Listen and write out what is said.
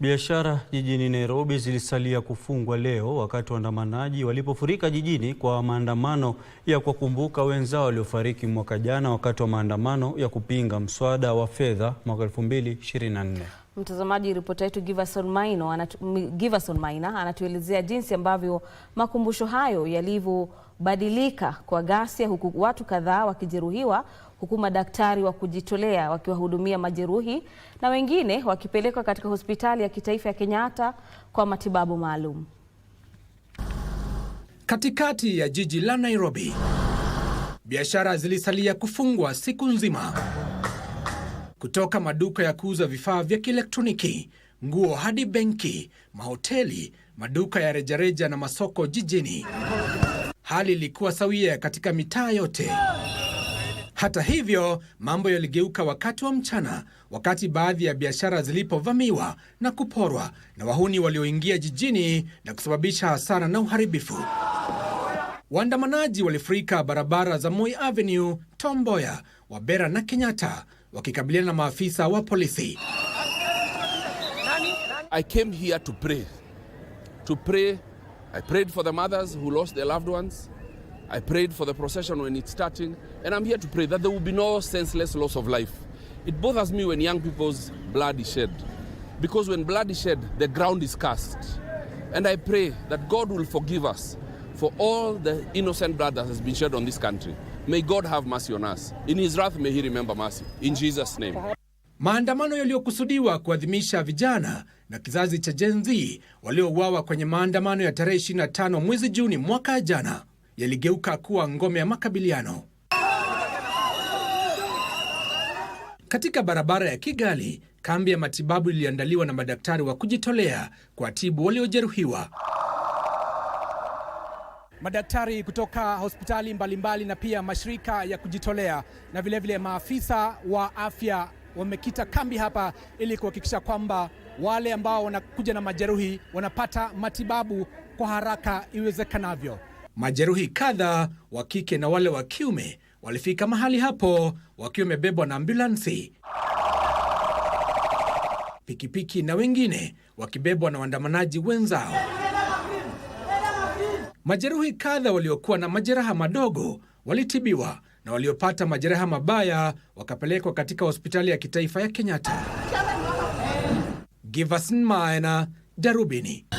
Biashara jijini Nairobi zilisalia kufungwa leo wakati waandamanaji walipofurika jijini kwa maandamano ya kuwakumbuka wenzao waliofariki mwaka jana wakati wa maandamano ya kupinga mswada wa fedha mwaka 2024. Mtazamaji, ripota yetu Giverson Maina anatu, anatuelezea jinsi ambavyo makumbusho hayo yalivyobadilika kwa ghasia, huku watu kadhaa wakijeruhiwa, huku madaktari wa kujitolea wakiwahudumia majeruhi na wengine wakipelekwa katika hospitali ya kitaifa ya Kenyatta kwa matibabu maalum. Katikati ya jiji la Nairobi, biashara zilisalia kufungwa siku nzima kutoka maduka ya kuuza vifaa vya kielektroniki, nguo hadi benki, mahoteli, maduka ya rejareja na masoko jijini. Hali ilikuwa sawia katika mitaa yote. Hata hivyo, mambo yaligeuka wakati wa mchana, wakati baadhi ya biashara zilipovamiwa na kuporwa na wahuni walioingia jijini na kusababisha hasara na uharibifu. Waandamanaji walifurika barabara za Moi Avenue Tom Mboya, Wabera na Kenyatta wakikabiliana na maafisa wa polisi. I came here to pray. To pray. I prayed for the mothers who lost their loved ones. I prayed for the procession when it's starting. And I'm here to pray that there will be no senseless loss of life. It bothers me when young people's blood is shed. Because when blood is shed, the ground is cast. And I pray that God will forgive us for all the innocent blood that has been shed on this country. May God have mercy on us. In his wrath may he remember mercy. In Jesus name. Maandamano yaliyokusudiwa kuadhimisha vijana na kizazi cha Gen Z waliouawa kwenye maandamano ya tarehe 25 mwezi Juni mwaka jana yaligeuka kuwa ngome ya makabiliano. Katika barabara ya Kigali, kambi ya matibabu iliandaliwa na madaktari wa kujitolea kwa tibu waliojeruhiwa madaktari kutoka hospitali mbalimbali mbali na pia mashirika ya kujitolea na vilevile vile maafisa wa afya wamekita kambi hapa ili kuhakikisha kwamba wale ambao wanakuja na majeruhi wanapata matibabu kwa haraka iwezekanavyo. Majeruhi kadha wa kike na wale wa kiume walifika mahali hapo wakiwa wamebebwa na ambulansi, pikipiki na wengine wakibebwa na waandamanaji wenzao. Majeruhi kadha waliokuwa na majeraha madogo walitibiwa na waliopata majeraha mabaya wakapelekwa katika hospitali ya kitaifa ya Kenyatta. Giverson Maina, Darubini.